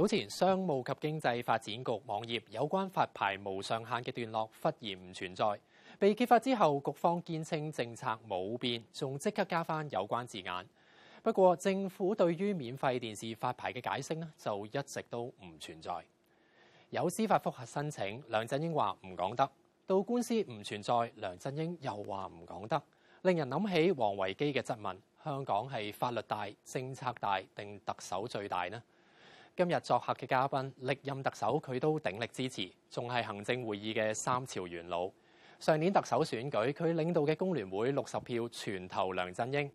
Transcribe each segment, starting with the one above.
早前商務及經濟發展局網頁有關發牌無上限嘅段落忽然唔存在，被揭發之後，局方堅稱政策冇變，仲即刻加翻有關字眼。不過政府對於免費電視發牌嘅解釋呢，就一直都唔存在。有司法覆核申請，梁振英話唔講得；到官司唔存在，梁振英又話唔講得，令人諗起王維基嘅質問：香港係法律大、政策大，定特首最大呢？今日作客嘅嘉賓，歷任特首佢都鼎力支持，仲係行政會議嘅三朝元老。上年特首選舉，佢領導嘅工聯會六十票全投梁振英。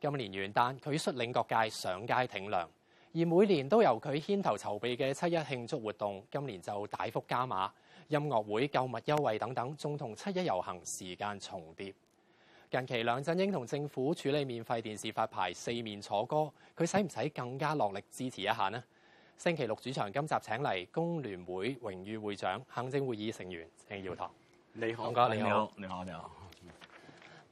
今年元旦，佢率領各界上街挺梁，而每年都由佢牽頭籌備嘅七一慶祝活動，今年就大幅加碼，音樂會、購物優惠等等，仲同七一遊行時間重疊。近期梁振英同政府處理免費電視發牌四面楚歌，佢使唔使更加落力支持一下呢？星期六主場，今集請嚟工聯會榮譽會長、行政會議成員鄭耀棠。你好，黃哥，你好，你好，你好。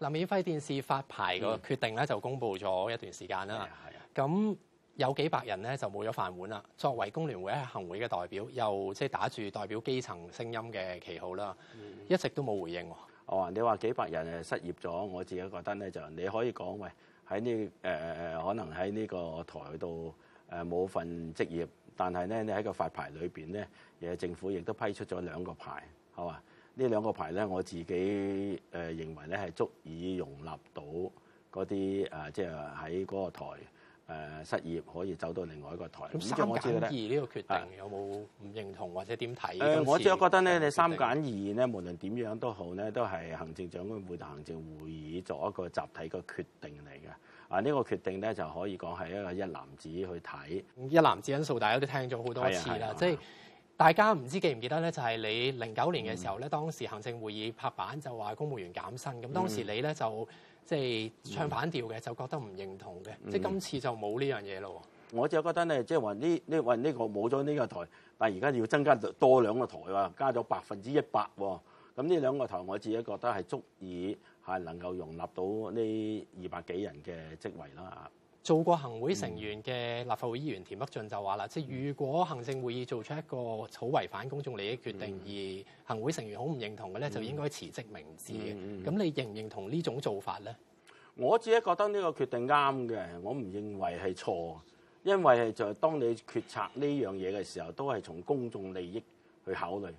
嗱，免費電視發牌個決定咧，就公布咗一段時間啦。係啊、嗯。咁有幾百人咧，就冇咗飯碗啦。作為工聯會一行會嘅代表，又即係打住代表基層聲音嘅旗號啦，嗯、一直都冇回應。哦，你話幾百人失業咗，我自己覺得咧，就你可以講喂，喺呢誒可能喺呢個台度。誒冇份職業，但係咧，你喺個發牌裏邊咧，誒政府亦都批出咗兩個牌，係嘛？呢兩個牌咧，我自己誒認為咧係足以容納到嗰啲誒，即係喺嗰個台。誒失業可以走到另外一個台。咁三減二呢個決定有冇唔認同、啊、或者點睇？我只覺得呢，你三減二呢，無論點樣都好呢都係行政長官會同行政會議作一個集體嘅決定嚟嘅。啊，呢個決定呢，就可以講係一個一籃子去睇，一籃子因素，大家都聽咗好多次啦。即係、啊啊、大家唔知記唔記得呢，就係你零九年嘅時候呢，嗯、當時行政會議拍板就話公務員減薪咁，嗯、當時你呢，就。即係唱反調嘅，就覺得唔認同嘅。嗯、即係今次就冇呢樣嘢咯。我只係覺得咧，即係話呢呢話呢個冇咗呢個台，但係而家要增加多兩個台啊，加咗百分之一百喎。咁呢兩個台，我自己覺得係足以係能夠容納到呢二百幾人嘅職位啦。做過行會成員嘅立法會議員田北俊就話啦：嗯、即係如果行政會議做出一個好違反公眾利益決定，嗯、而行會成員好唔認同嘅咧，嗯、就應該辭職明志嘅。咁、嗯、你認唔認同呢種做法咧？我自己覺得呢個決定啱嘅，我唔認為係錯，因為就係當你決策呢樣嘢嘅時候，都係從公眾利益去考慮。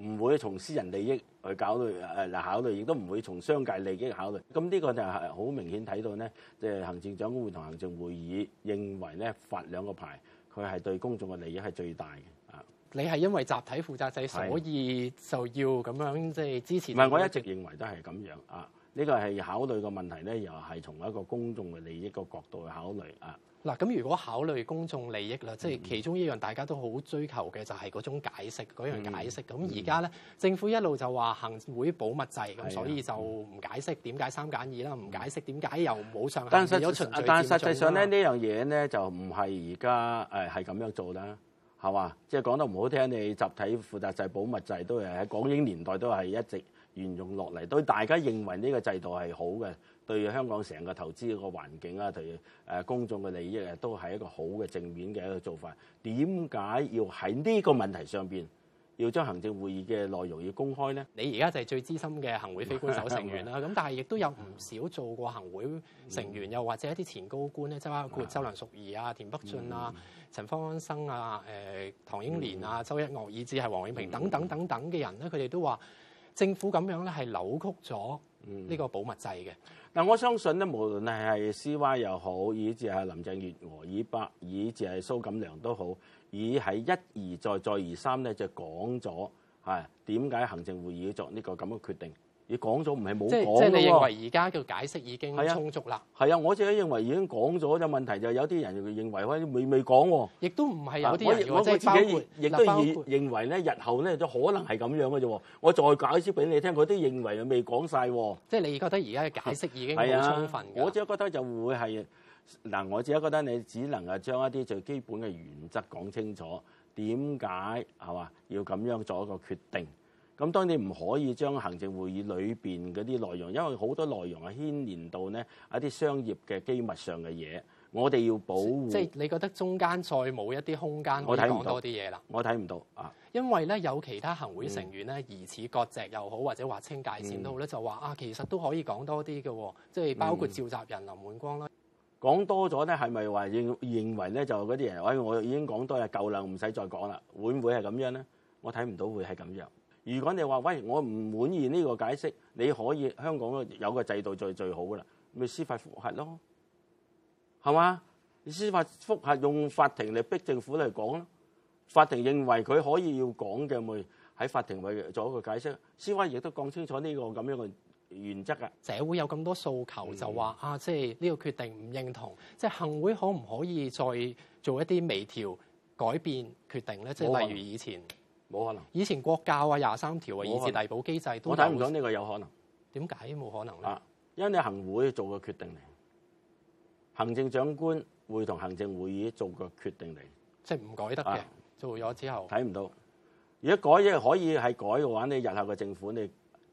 唔會從私人利益去考慮誒嚟考慮，亦都唔會從商界利益去考慮。咁呢個就係好明顯睇到咧，即係行政長官會同行政會議認為咧發兩個牌，佢係對公眾嘅利益係最大嘅啊。你係因為集體負責制，所以就要咁樣，咁樣即係支持。唔係，我一直認為都係咁樣啊。呢個係考慮個問題咧，又係從一個公眾嘅利益個角度去考慮啊。嗱，咁如果考慮公眾利益啦，即係其中一樣大家都好追求嘅就係嗰種解釋，嗰樣、嗯、解釋。咁而家咧，嗯、政府一路就話行會保密制，咁、嗯、所以就唔解釋點解三揀二啦，唔、嗯、解釋點解又冇上下咗實循序漸進啦。但實際上咧，呢樣嘢咧就唔係而家誒係咁樣做啦，係嘛？即係講得唔好聽，你集體負責制、保密制都係喺港英年代都係一直沿用落嚟，對大家認為呢個制度係好嘅。對於香港成個投資個環境啊，對誒公眾嘅利益啊，都係一個好嘅正面嘅一個做法。點解要喺呢個問題上邊要將行政會議嘅內容要公開咧？你而家就係最資深嘅行會非官守成員啦。咁 是但係亦都有唔少做過行會成員，又、嗯、或者一啲前高官咧，即包括周梁淑怡啊、田北俊啊、陳、嗯、方安生啊、誒、呃、唐英年啊、嗯、周一岳以至係王永平等等等等嘅人咧，佢哋都話政府咁樣咧係扭曲咗。呢個保密制嘅、嗯，但我相信咧，無論係 CY 又好，以至係林鄭月娥，以百，以至係蘇錦樑都好，以喺一而再，再而三咧就講咗，係點解行政會議要做呢個咁嘅決定？你講咗唔係冇講㗎，即係你認為而家嘅解釋已經充足啦。係啊，啊，我自己認為已經講咗。有問題就有啲人認為以未未講喎。亦都唔係有啲人、啊、我，我，我自己亦括都認認為咧，日後咧都可能係咁樣嘅啫。我再解釋俾你聽，佢都認為未講晒喎。即係你覺得而家嘅解釋已經好充分。啊。我自己覺得就會係嗱，我自己覺得你只能係將一啲最基本嘅原則講清楚，點解係嘛要咁樣做一個決定？咁當然唔可以將行政會議裏邊嗰啲內容，因為好多內容係牽連到呢一啲商業嘅機密上嘅嘢，我哋要保護。即係你覺得中間再冇一啲空間去講多啲嘢啦，我睇唔到啊，因為咧有其他行會成員咧，嗯、疑似割席又好，或者劃清界線都好咧，就話啊，其實都可以講多啲嘅，即係包括召集人林滿光啦。講、嗯嗯、多咗咧，係咪話認認為咧就嗰啲人喂，我已經講多嘢夠啦，唔使再講啦？會唔會係咁樣咧？我睇唔到會係咁樣。如果你話喂，我唔滿意呢個解釋，你可以香港有個制度就最好噶啦，咪司法覆核咯，係嘛？你司法覆核用法庭嚟逼政府嚟講咯，法庭認為佢可以要講嘅，咪喺法庭度做一個解釋。司法亦都講清楚呢個咁樣嘅原則㗎。社會有咁多訴求，嗯、就話啊，即係呢個決定唔認同，即係行會可唔可以再做一啲微調改變決定咧？即係例如以前。冇可能。以前國教啊，廿三條啊，以至遞補機制都我睇唔到呢個有可能。點解冇可能啊，因為你行會做個決定嚟，行政長官會同行政會議做個決定嚟，即唔改得嘅。做咗之後睇唔到。如果改嘢可以係改嘅話，你日後嘅政府你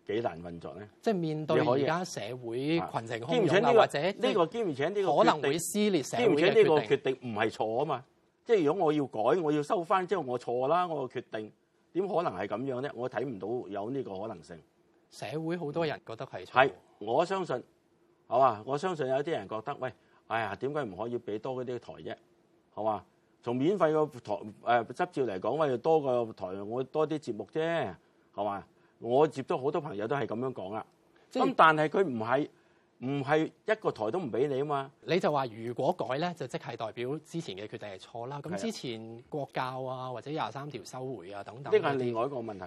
幾難運作咧？即面對而家社會群情洶湧，或者呢個兼且呢個可能會撕裂社會。兼且呢個決定唔係錯啊嘛！即係如果我要改，我要收翻，之後我錯啦，我嘅決定。點可能係咁樣咧？我睇唔到有呢個可能性。社會好多人覺得係錯。係，我相信，係嘛？我相信有啲人覺得，喂，哎呀，點解唔可以俾多嗰啲台啫？係嘛？從免費個台誒執照嚟講，喂，要多個台，我多啲節目啫，係嘛？我接觸好多朋友都係咁樣講啦。咁、就是、但係佢唔係。唔係一個台都唔俾你啊嘛！你就話如果改咧，就即、是、係代表之前嘅決定係錯啦。咁是的 之前國教啊，或者廿三條收回啊等等，呢個係另外一個問題。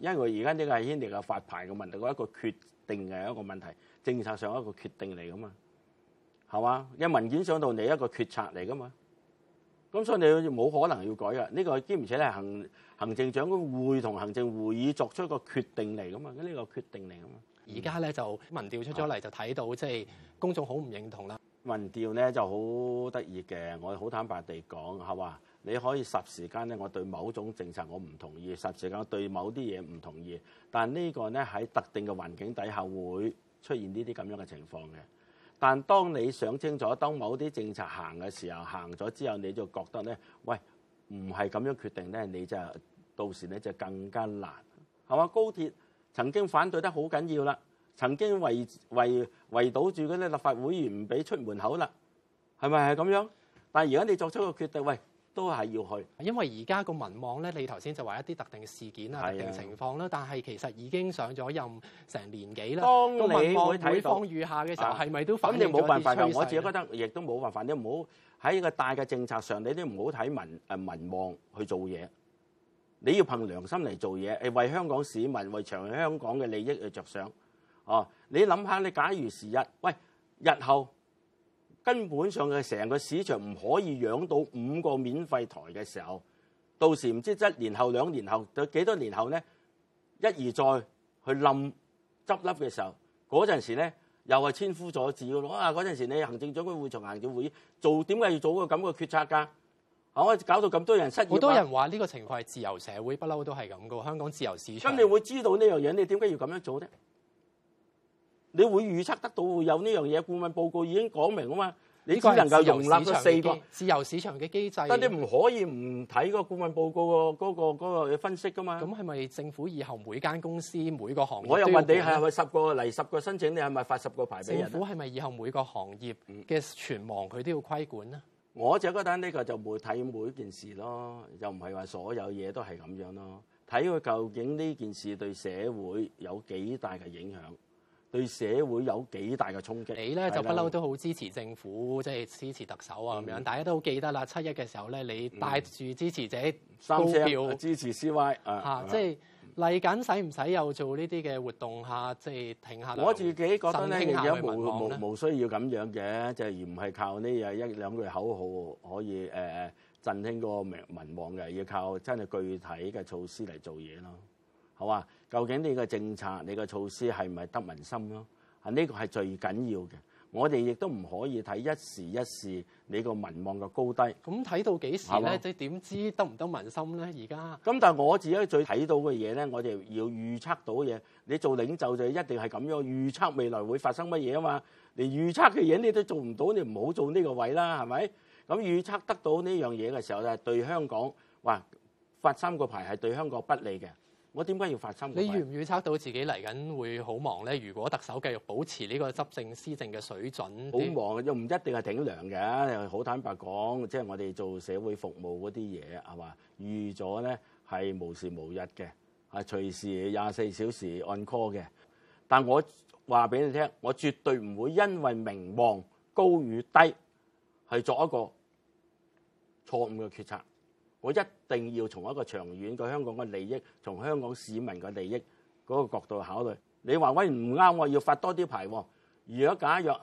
因為而家呢個係牽涉個發牌嘅問題，一個決定嘅一個問題，政策上一個決定嚟噶嘛？係嘛？嘅文件上到你一個決策嚟噶嘛？咁所以你冇可能要改呀。呢個兼且係行行政長官會同行政會議作出一個決定嚟噶嘛？呢個決定嚟噶嘛？而家咧就民調出咗嚟就睇到即係公眾好唔認同啦。民調咧就好得意嘅，我好坦白地講，係嘛，你可以霎時間咧，我對某種政策我唔同意，霎時間我對某啲嘢唔同意，但係呢個咧喺特定嘅環境底下會出現呢啲咁樣嘅情況嘅。但當你想清楚，當某啲政策行嘅時候，行咗之後，你就覺得咧，喂，唔係咁樣決定咧，你就到時咧就更加難，係嘛？高鐵。曾經反對得好緊要啦，曾經圍圍圍堵住嗰啲立法會議員唔俾出門口啦，係咪係咁樣？但係而家你作出一個決定，喂，都係要去。因為而家個民望咧，你頭先就話一啲特定事件啊、的特定情況啦，但係其實已經上咗任成年幾啦。當你，民望每況愈下嘅時候，係咪、啊、都反咗，你冇辦法，我自己覺得，亦都冇辦法，你唔好喺一個大嘅政策上，你都唔好睇民誒民望去做嘢。你要憑良心嚟做嘢，係為香港市民、為長遠香港嘅利益嚟着想。哦，你諗下，你假如是日，喂，日後根本上嘅成個市場唔可以養到五個免費台嘅時候，到時唔知即係一年後、兩年後，到幾多年後咧，一而再去冧執笠嘅時候，嗰陣時咧又係千夫所指嘅咯。啊，嗰陣時你行政長官會從行政會議做點解要做個咁嘅決策㗎？我搞到咁多人失業，好多人話呢個情況係自由社會，不嬲都係咁噶。香港自由市場，咁你會知道呢樣嘢，你點解要咁樣做呢？你會預測得到有呢樣嘢？顧問報告已經講明啊嘛，你只能夠容納咗四個自由市場嘅機制。但你唔可以唔睇個顧問報告嗰個嗰個嗰個分析噶嘛？咁係咪政府以後每間公司每個行業？我又問你係咪十個嚟十個申請，你係咪發十個牌俾人？政府係咪以後每個行業嘅存亡，佢都要規管咧？我就覺得呢個就會睇每件事咯，又唔係話所有嘢都係咁樣咯，睇佢究竟呢件事對社會有幾大嘅影響，對社會有幾大嘅衝擊。你咧呢的就不嬲都好支持政府，即、就、係、是、支持特首啊咁樣。嗯、大家都好記得啦，七一嘅時候咧，你帶住支持者高票、嗯、三支持 CY 啊，即係。嚟緊使唔使又做呢啲嘅活動下，即係停下？我自己覺得咧，而家冇無無，無需要咁樣嘅，就而唔係靠呢嘢一,一兩句口號可以誒振興嗰個民民望嘅，要靠真係具體嘅措施嚟做嘢咯，好啊？究竟你嘅政策、你嘅措施係唔係得民心咯？啊，呢個係最緊要嘅。我哋亦都唔可以睇一時一事你個民望嘅高低，咁睇到幾時咧？即點知得唔得民心咧？而家咁，但係我自己最睇到嘅嘢咧，我哋要預測到嘅嘢。你做領袖就一定係咁樣預測未來會發生乜嘢啊嘛？你預測嘅嘢你都做唔到，你唔好做呢個位啦，係咪？咁預測得到呢樣嘢嘅時候，就對香港話，發三個牌係對香港不利嘅。我點解要發生？你預唔預測到自己嚟緊會好忙咧？如果特首繼續保持呢個執政施政嘅水準，好忙又唔一定係頂梁嘅。好坦白講，即係我哋做社會服務嗰啲嘢係嘛，預咗咧係無時無日嘅，係隨時廿四小時按 call 嘅。但我話俾你聽，我絕對唔會因為名望高與低係作一個錯誤嘅決策。我一定要從一個長遠嘅香港嘅利益、從香港市民嘅利益嗰個角度考慮。你話為唔啱，我要發多啲牌。如果假若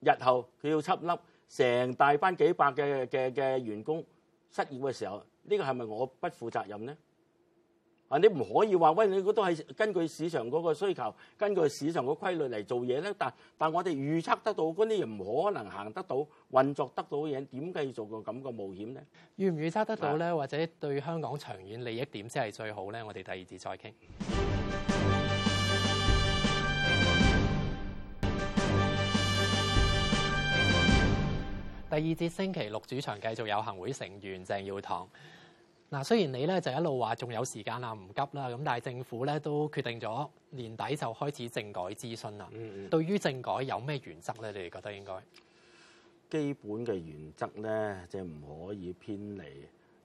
日後佢要執笠，成大班幾百嘅員工失業嘅時候，呢個係咪我不負責任呢？啊！你唔可以話喂，你都係根據市場嗰個需求，根據市場個規律嚟做嘢咧。但但我哋預測得到嗰啲嘢唔可能行得到，運作得到嘅嘢，點繼續做個咁個冒險咧？預唔預測得到咧？是的 或者對香港長遠利益點先係最好咧？我哋第二節再傾。第二節星期六主場繼續有行會成員鄭耀棠。嗱，雖然你咧就一路話仲有時間啦，唔急啦，咁但係政府咧都決定咗年底就開始政改諮詢啦。嗯嗯。對於政改有咩原則咧？你哋覺得應該基本嘅原則咧，即係唔可以偏離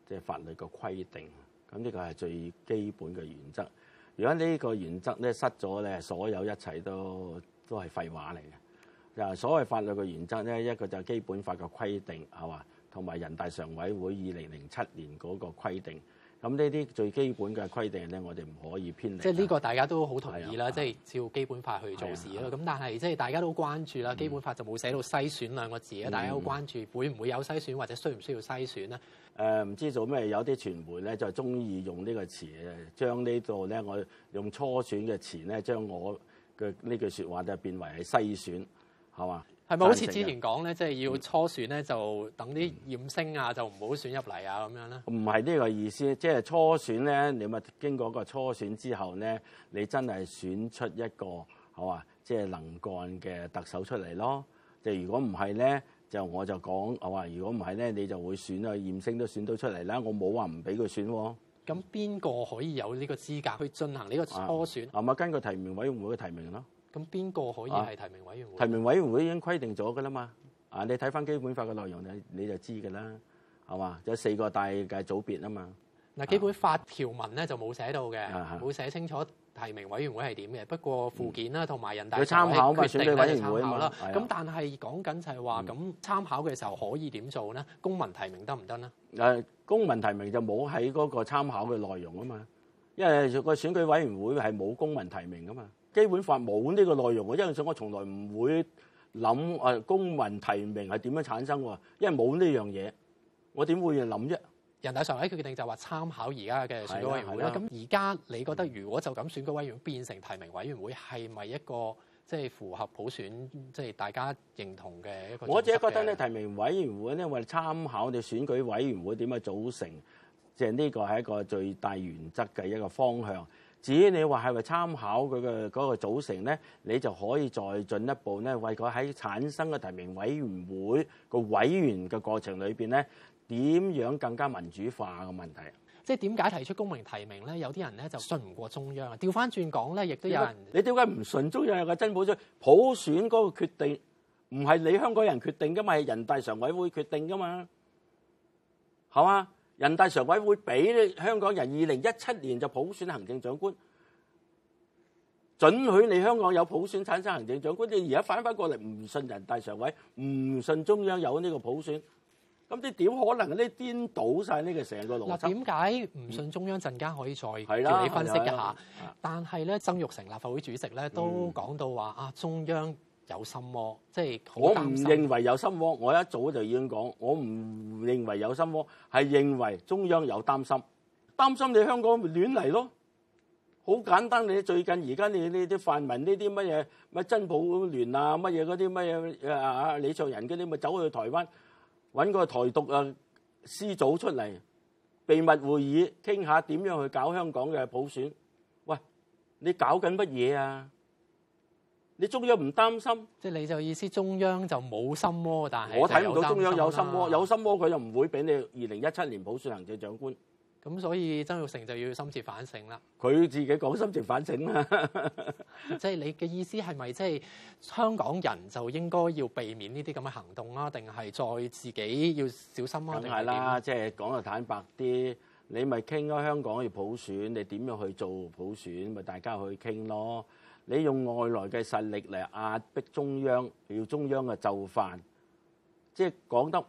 即係法律嘅規定，咁呢個係最基本嘅原則。如果呢個原則咧失咗咧，所有一切都都係廢話嚟嘅。嗱，所謂法律嘅原則咧，一個就係基本法嘅規定，係嘛？同埋人大常委會二零零七年嗰個規定，咁呢啲最基本嘅規定咧，我哋唔可以偏離，即係呢個大家都好同意啦，即係照基本法去做事咯。咁但係即係大家都關注啦，基本法就冇寫到篩選兩個字啊！大家都關注，會唔會有篩選或者需唔需要篩選咧？誒，唔知做咩有啲傳媒咧就中意用呢個詞，誒，將呢度咧我用初選嘅詞咧，將我嘅呢句說話就變為係篩選，係嘛？係咪好似之前講咧，嗯、即係要初選咧，就等啲驗星啊，就唔好選入嚟啊，咁樣咧？唔係呢個意思，即係初選咧，你咪經過個初選之後咧，你真係選出一個係嘛，即係能幹嘅特首出嚟咯。即係如果唔係咧，就我就講係嘛，如果唔係咧，你就會選啊驗星都選到出嚟啦。我冇話唔俾佢選喎。咁邊個可以有呢個資格去進行呢個初選？係咪、啊啊、根據提名委員會嘅提名咯？咁邊個可以係提名委員會、啊？提名委員會已經規定咗㗎啦嘛！啊，你睇翻基本法嘅內容，你你就知㗎啦，係嘛？有四個大嘅組別啊嘛。嗱，基本法條文咧就冇寫到嘅，冇寫、啊、清楚提名委員會係點嘅。不過附件啦，同埋人大有參考嘅、嗯、選舉委員會啦。咁的但係講緊就係話，咁參、嗯、考嘅時候可以點做咧？公民提名得唔得咧？誒、啊，公民提名就冇喺嗰個參考嘅內容啊嘛，因為個選舉委員會係冇公民提名㗎嘛。基本法冇呢個內容，因為所以我從來唔會諗誒、呃、公民提名係點樣產生，因為冇呢樣嘢，我點會去諗啫？人大常委決定就話參考而家嘅選舉委員會啦。咁而家你覺得如果就咁選舉委員會變成提名委員會，係咪一個即係、就是、符合普選即係、就是、大家認同嘅？我自己覺得咧提名委員會咧，我哋參考你選舉委員會點樣組成，即係呢個係一個最大原則嘅一個方向。至於你話係咪參考佢嘅嗰個組成咧，你就可以再進一步咧，為佢喺產生嘅提名委員會個委員嘅過程裏邊咧，點樣更加民主化嘅問題？即係點解提出公民提名咧？有啲人咧就信唔過中央啊！調翻轉講咧，亦都有人你點解唔信中央有嘅真普選普選嗰個決定？唔係你香港人決定噶嘛？係人大常委會決定噶嘛？好嘛？人大常委會俾香港人二零一七年就普選行政長官，准許你香港有普選產生行政長官，你而家反翻過嚟唔信人大常委唔信中央有呢個普選，咁啲點可能呢？顛倒晒呢個成個邏輯？點解唔信中央？陣間可以再叫你分析一下。但係咧，曾鈺成立法會主席咧都講到話啊，中央有心魔、啊，即係、啊、我唔認為有心魔、啊。我一早就已經講，我唔認為有心魔、啊，係認為中央有擔心，擔心你香港亂嚟咯。好簡單，你最近而家你呢啲泛民呢啲乜嘢乜真普聯啊乜嘢嗰啲乜嘢啊，李卓人嗰啲咪走去台灣揾個台獨啊師祖出嚟秘密會議傾下點樣去搞香港嘅普選？喂，你搞緊乜嘢啊？你中央唔擔心，即係你就意思中央就冇心窩，但係我睇唔到中央有心窩，有心窩佢就唔會俾你二零一七年普選行政長官。咁所以曾玉成就要深切反省啦。佢自己講深切反省啦。 即係你嘅意思係咪即係香港人就應該要避免呢啲咁嘅行動啊？定係再自己要小心啊？定係啦，即係講個坦白啲，你咪傾咯。香港要普選，你點樣去做普選？咪大家去傾咯。你用外來嘅實力嚟壓迫中央，要中央嘅就範，即係講得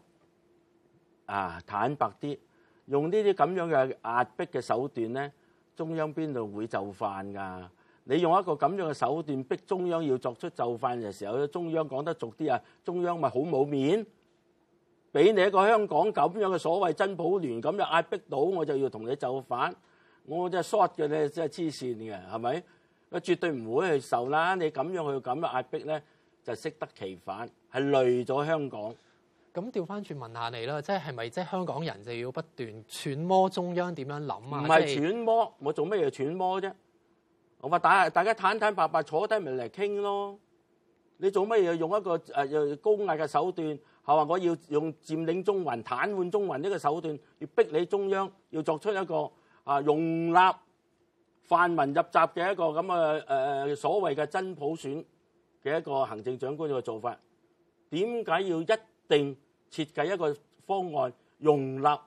啊坦白啲，用呢啲咁樣嘅壓迫嘅手段咧，中央邊度會就範㗎？你用一個咁樣嘅手段逼中央要作出就範嘅時候，中央講得俗啲啊，中央咪好冇面，俾你一個香港咁樣嘅所謂真普聯咁就壓迫到我就要同你就範，我真係 short 嘅咧，真係黐線嘅，係咪？佢絕對唔會去受啦！你咁樣去咁樣壓迫咧，就適得其反，係累咗香港。咁調翻轉問下你啦，即係係咪即係香港人就要不斷揣摩中央點樣諗啊？唔係揣摩，我做咩要揣摩啫？我話大大家坦坦白白坐低咪嚟傾咯。你做咩要用一個誒高壓嘅手段？係話我要用佔領中環、癱瘓中環呢個手段，要逼你中央要作出一個啊容納。泛民入閘嘅一個咁嘅誒所謂嘅真普選嘅一個行政長官嘅做法，點解要一定設計一個方案容納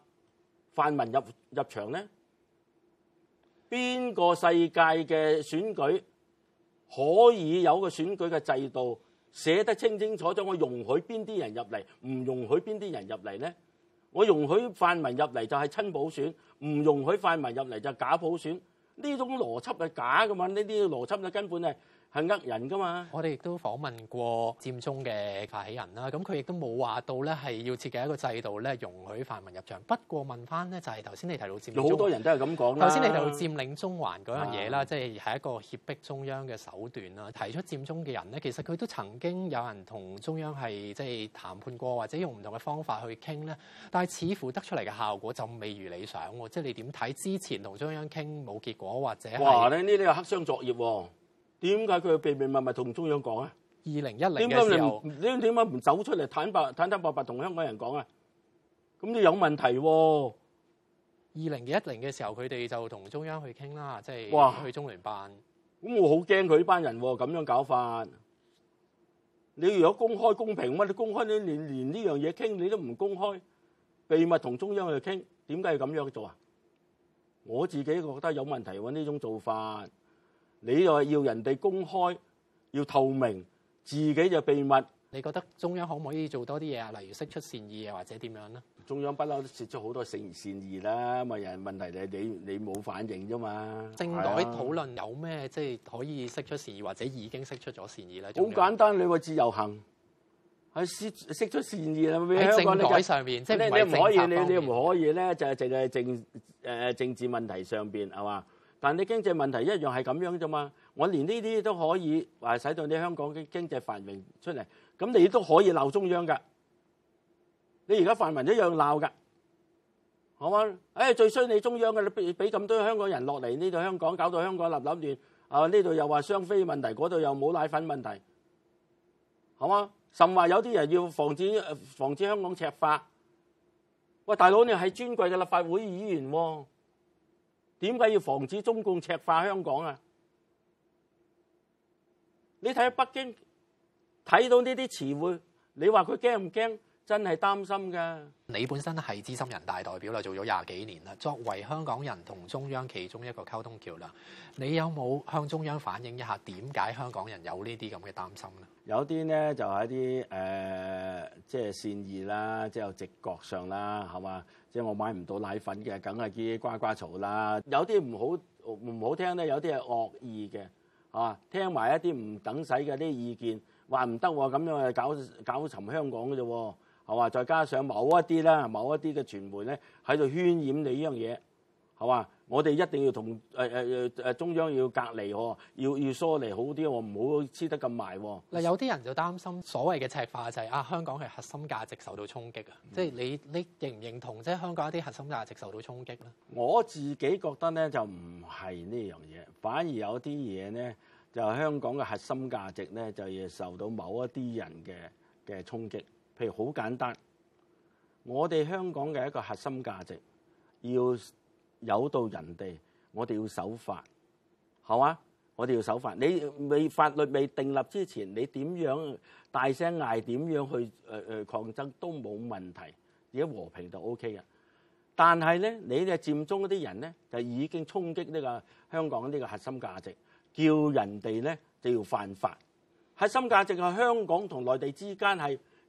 泛民入入場咧？邊個世界嘅選舉可以有個選舉嘅制度寫得清清楚楚，我容許邊啲人入嚟，唔容許邊啲人入嚟咧？我容許泛民入嚟就係真普選，唔容許泛民入嚟就假普選。呢種邏輯係假㗎嘛，呢啲邏輯咧根本係。係呃人㗎嘛！我哋亦都訪問過佔中嘅發起人啦，咁佢亦都冇話到咧係要設計一個制度咧容許泛民入場。不過問翻咧就係頭先你提到佔中，好多人都係咁講。頭先你提到佔領，到佔領中環嗰樣嘢啦，即係係一個脅迫中央嘅手段啦。提出佔中嘅人咧，其實佢都曾經有人同中央係即係談判過，或者用唔同嘅方法去傾咧，但係似乎得出嚟嘅效果就未如理想喎。即係你點睇之前同中央傾冇結果或者係？哇！呢啲係黑箱作業喎。點解佢秘秘密密同中央講啊？二零一零嘅時候，點解唔走出嚟坦白、坦坦白白同香港人講啊？咁你有問題喎？二零一零嘅時候，佢哋就同中央去傾啦，即係，哇，去中聯辦。咁我好驚佢呢班人咁樣搞法。你如果公開公平，乜都公開，你連呢樣嘢傾你都唔公開，秘密同中央去傾，點解要咁樣做啊？我自己覺得有問題喎，呢種做法。你又要人哋公開，要透明，自己就秘密。你覺得中央可唔可以做多啲嘢啊？例如釋出善意啊，或者點樣咧？中央不嬲都釋出好多善意啦，咪人問題你你你冇反應啫嘛？政改討論有咩即係、啊、可以釋出善意，或者已經釋出咗善意咧？好簡單，你話自由行係釋出善意啊！喺政改上面，你可以即係你唔可以，你你唔可以咧，就係淨係政政治問題上面，係嘛？但你經濟問題一樣係咁樣啫嘛，我連呢啲都可以話使到你香港嘅經濟繁榮出嚟，咁你都可以鬧中央噶。你而家泛民一樣鬧噶，好嘛？誒、哎、最衰你中央嘅，你俾咁多香港人落嚟呢度香港，搞到香港立立亂，啊呢度又話雙非問題，嗰度又冇奶粉問題，好嘛？甚話有啲人要防止防止香港赤化？喂大佬你係尊貴嘅立法會議員喎。點解要防止中共赤化香港啊？你睇北京，睇到呢啲詞彙，你話佢驚唔驚？真係擔心噶！你本身係資深人大代表啦，做咗廿幾年啦。作為香港人同中央其中一個溝通橋啦，你有冇向中央反映一下點解香港人有呢啲咁嘅擔心咧？有啲咧就係啲誒，即係善意啦，即係直覺上啦，係嘛？即係我買唔到奶粉嘅，梗係啲呱呱嘈啦。有啲唔好唔好聽咧，有啲係惡意嘅，嚇聽埋一啲唔等使嘅啲意見，話唔得喎，咁樣係搞搞沉香港嘅啫喎。係嘛？再加上某一啲啦，某一啲嘅傳媒咧，喺度渲染你呢樣嘢，係嘛？我哋一定要同誒誒誒中央要隔離喎，要要疏離好啲喎，唔好黐得咁埋。嗱，有啲人就擔心所謂嘅赤化就係、是、啊，香港嘅核心價值受到衝擊啊，即係、嗯、你你認唔認同即係香港一啲核心價值受到衝擊咧？我自己覺得咧就唔係呢樣嘢，反而有啲嘢咧就香港嘅核心價值咧就要受到某一啲人嘅嘅衝擊。譬如好簡單，我哋香港嘅一個核心價值要誘導人哋，我哋要守法，係嘛？我哋要守法。你未法律未訂立之前，你點樣大聲嗌，點樣去誒誒抗爭都冇問題，而家和平就 OK 嘅。但係咧，你哋佔中嗰啲人咧，就已經衝擊呢個香港呢個核心價值，叫人哋咧就要犯法。核心價值係香港同內地之間係，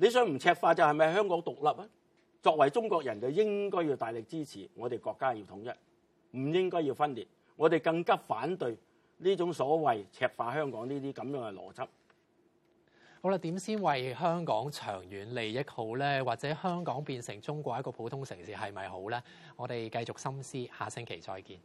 你想唔赤化就係咪香港獨立啊？作為中國人就應該要大力支持我哋國家要統一，唔應該要分裂。我哋更加反對呢種所謂赤化香港呢啲咁樣嘅邏輯。好啦，點先為香港長遠利益好呢？或者香港變成中國一個普通城市係咪好呢？我哋繼續深思，下星期再見。